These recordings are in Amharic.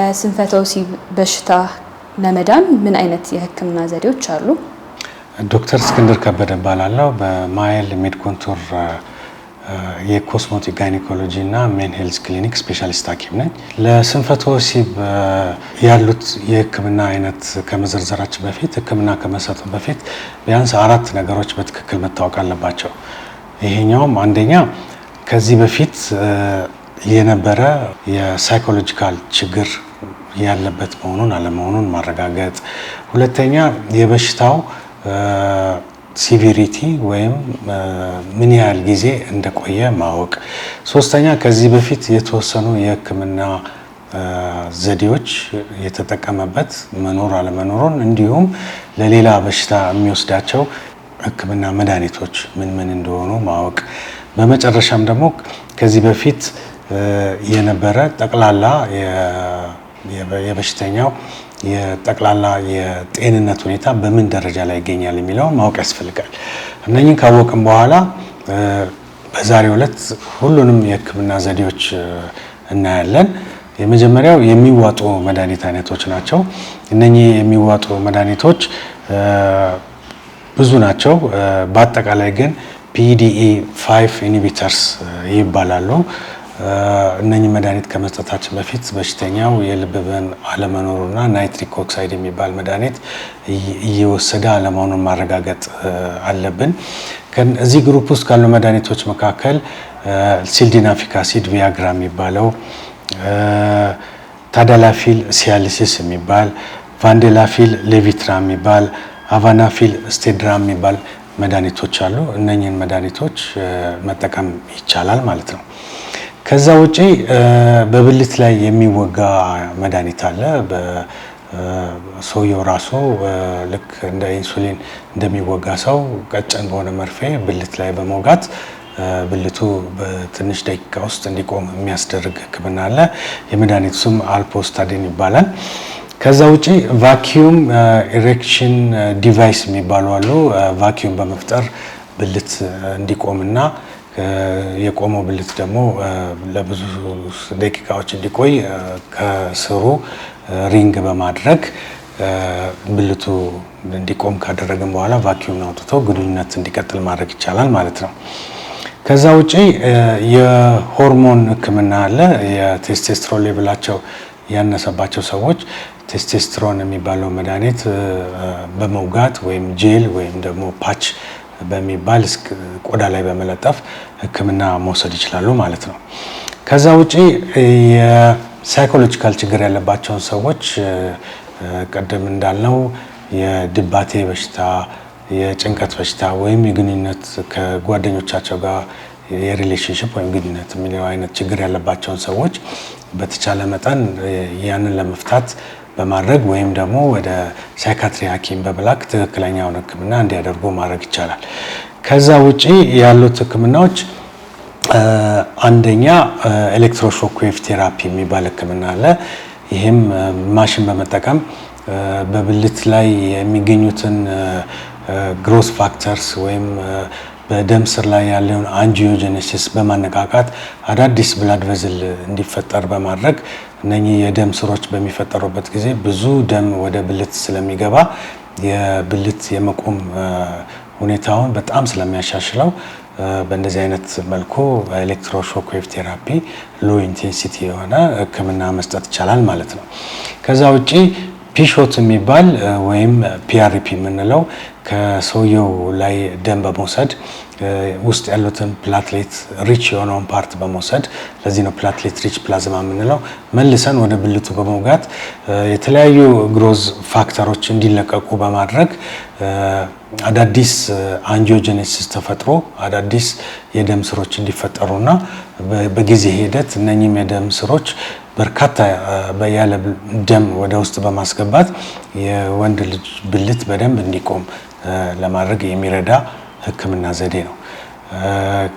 ከስንፈተ ወሲብ በሽታ ለመዳን ምን አይነት የህክምና ዘዴዎች አሉ? ዶክተር እስክንድር ከበደ እባላለሁ። በማይል ሜድ ኮንቱር የኮስሞቲክ ጋይኒኮሎጂ እና ሜን ሄልዝ ክሊኒክ ስፔሻሊስት ሐኪም ነኝ። ለስንፈተ ወሲብ ያሉት የህክምና አይነት ከመዘርዘራችን በፊት ህክምና ከመሰጡ በፊት ቢያንስ አራት ነገሮች በትክክል መታወቅ አለባቸው። ይሄኛውም አንደኛ ከዚህ በፊት የነበረ የሳይኮሎጂካል ችግር ያለበት መሆኑን አለመሆኑን ማረጋገጥ፣ ሁለተኛ የበሽታው ሲቪሪቲ ወይም ምን ያህል ጊዜ እንደቆየ ማወቅ፣ ሶስተኛ ከዚህ በፊት የተወሰኑ የሕክምና ዘዴዎች የተጠቀመበት መኖር አለመኖሩን እንዲሁም ለሌላ በሽታ የሚወስዳቸው ሕክምና መድኃኒቶች ምን ምን እንደሆኑ ማወቅ፣ በመጨረሻም ደግሞ ከዚህ በፊት የነበረ ጠቅላላ የበሽተኛው የጠቅላላ የጤንነት ሁኔታ በምን ደረጃ ላይ ይገኛል የሚለውን ማወቅ ያስፈልጋል። እነኝን ካወቅም በኋላ በዛሬው ዕለት ሁሉንም የሕክምና ዘዴዎች እናያለን። የመጀመሪያው የሚዋጡ መድኃኒት አይነቶች ናቸው። እነኚህ የሚዋጡ መድኃኒቶች ብዙ ናቸው። በአጠቃላይ ግን ፒዲኢ ፋይቭ ኢኒቢተርስ ይባላሉ። እነኚህ መድኃኒት ከመስጠታችን በፊት በሽተኛው የልብ ብን አለመኖሩና ናይትሪክ ኦክሳይድ የሚባል መድኃኒት እየወሰደ አለመሆኑን ማረጋገጥ አለብን። እዚህ ግሩፕ ውስጥ ካሉ መድኃኒቶች መካከል ሲልዲናፊክ አሲድ ቪያግራ የሚባለው ታዳላፊል ሲያልሲስ የሚባል ቫንዴላፊል ሌቪትራ የሚባል አቫናፊል ስቴድራ የሚባል መድኃኒቶች አሉ። እነኚህን መድኃኒቶች መጠቀም ይቻላል ማለት ነው። ከዛ ውጪ በብልት ላይ የሚወጋ መድኃኒት አለ። ሰውየው ራሱ ልክ እንደ ኢንሱሊን እንደሚወጋ ሰው ቀጭን በሆነ መርፌ ብልት ላይ በመውጋት ብልቱ በትንሽ ደቂቃ ውስጥ እንዲቆም የሚያስደርግ ሕክምና አለ። የመድኃኒቱ ስም አልፖስታዲን ይባላል። ከዛ ውጪ ቫኪዩም ኢሬክሽን ዲቫይስ የሚባሉ አሉ። ቫኪዩም በመፍጠር ብልት እንዲቆምና የቆመው ብልት ደግሞ ለብዙ ደቂቃዎች እንዲቆይ ከስሩ ሪንግ በማድረግ ብልቱ እንዲቆም ካደረግን በኋላ ቫኪዩም አውጥቶ ግንኙነት እንዲቀጥል ማድረግ ይቻላል ማለት ነው። ከዛ ውጪ የሆርሞን ሕክምና አለ። የቴስቴስትሮን ሌብላቸው ያነሰባቸው ሰዎች ቴስቴስትሮን የሚባለው መድኃኒት በመውጋት ወይም ጄል ወይም ደግሞ ፓች በሚባል ቆዳ ላይ በመለጠፍ ህክምና መውሰድ ይችላሉ ማለት ነው። ከዛ ውጪ የሳይኮሎጂካል ችግር ያለባቸውን ሰዎች ቅድም እንዳልነው የድባቴ በሽታ፣ የጭንቀት በሽታ ወይም የግንኙነት ከጓደኞቻቸው ጋር የሪሌሽንሽፕ ወይም ግንኙነት የሚለው አይነት ችግር ያለባቸውን ሰዎች በተቻለ መጠን ያንን ለመፍታት በማድረግ ወይም ደግሞ ወደ ሳይካትሪ ሐኪም በመላክ ትክክለኛውን ሕክምና እንዲያደርጉ ማድረግ ይቻላል። ከዛ ውጪ ያሉት ሕክምናዎች አንደኛ ኤሌክትሮሾክ ዌቭ ቴራፒ የሚባል ሕክምና አለ። ይህም ማሽን በመጠቀም በብልት ላይ የሚገኙትን ግሮስ ፋክተርስ ወይም በደም ስር ላይ ያለውን አንጂዮጀኔሲስ በማነቃቃት አዳዲስ ብላድ ቨዝል እንዲፈጠር በማድረግ እነኚህ የደም ስሮች በሚፈጠሩበት ጊዜ ብዙ ደም ወደ ብልት ስለሚገባ የብልት የመቆም ሁኔታውን በጣም ስለሚያሻሽለው በእንደዚህ አይነት መልኩ ኤሌክትሮሾክዌቭ ቴራፒ ሎ ኢንቴንሲቲ የሆነ ሕክምና መስጠት ይቻላል ማለት ነው። ከዛ ውጪ ፒሾት የሚባል ወይም ፒአርፒ የምንለው ከሰውየው ላይ ደም በመውሰድ ውስጥ ያሉትን ፕላትሌት ሪች የሆነውን ፓርት በመውሰድ ለዚህ ነው ፕላትሌት ሪች ፕላዝማ የምንለው መልሰን ወደ ብልቱ በመውጋት የተለያዩ ግሮዝ ፋክተሮች እንዲለቀቁ በማድረግ አዳዲስ አንጂኦጀኔሲስ ተፈጥሮ አዳዲስ የደም ስሮች እንዲፈጠሩና በጊዜ ሂደት እነኚህም የደም ስሮች በርካታ ያለ ደም ወደ ውስጥ በማስገባት የወንድ ልጅ ብልት በደንብ እንዲቆም ለማድረግ የሚረዳ ሕክምና ዘዴ ነው።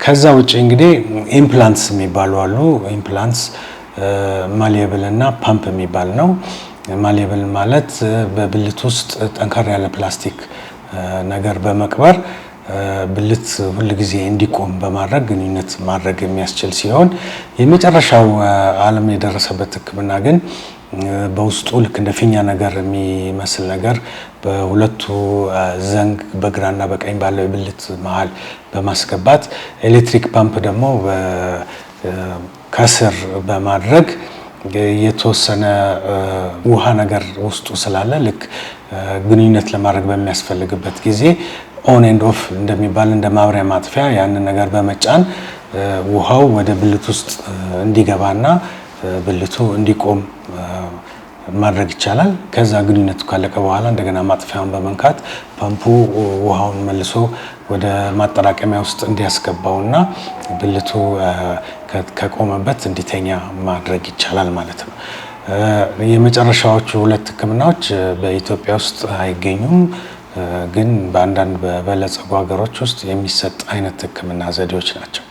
ከዛ ውጭ እንግዲህ ኢምፕላንትስ የሚባሉ አሉ። ኢምፕላንትስ ማሊየብል እና ፓምፕ የሚባል ነው። ማሊየብል ማለት በብልት ውስጥ ጠንካራ ያለ ፕላስቲክ ነገር በመቅበር ብልት ሁልጊዜ እንዲቆም በማድረግ ግንኙነት ማድረግ የሚያስችል ሲሆን የመጨረሻው ዓለም የደረሰበት ሕክምና ግን በውስጡ ልክ እንደ ፊኛ ነገር የሚመስል ነገር በሁለቱ ዘንግ በግራና በቀኝ ባለው የብልት መሀል በማስገባት ኤሌክትሪክ ፓምፕ ደግሞ ከስር በማድረግ የተወሰነ ውሃ ነገር ውስጡ ስላለ ልክ ግንኙነት ለማድረግ በሚያስፈልግበት ጊዜ ኦን ኤንድ ኦፍ እንደሚባል እንደ ማብሪያ ማጥፊያ ያንን ነገር በመጫን ውሃው ወደ ብልት ውስጥ እንዲገባና ብልቱ እንዲቆም ማድረግ ይቻላል። ከዛ ግንኙነቱ ካለቀ በኋላ እንደገና ማጥፊያውን በመንካት ፓምፑ ውሃውን መልሶ ወደ ማጠራቀሚያ ውስጥ እንዲያስገባውና ብልቱ ከቆመበት እንዲተኛ ማድረግ ይቻላል ማለት ነው። የመጨረሻዎቹ ሁለት ሕክምናዎች በኢትዮጵያ ውስጥ አይገኙም። ግን በአንዳንድ በበለጸጉ ሀገሮች ውስጥ የሚሰጥ አይነት ህክምና ዘዴዎች ናቸው።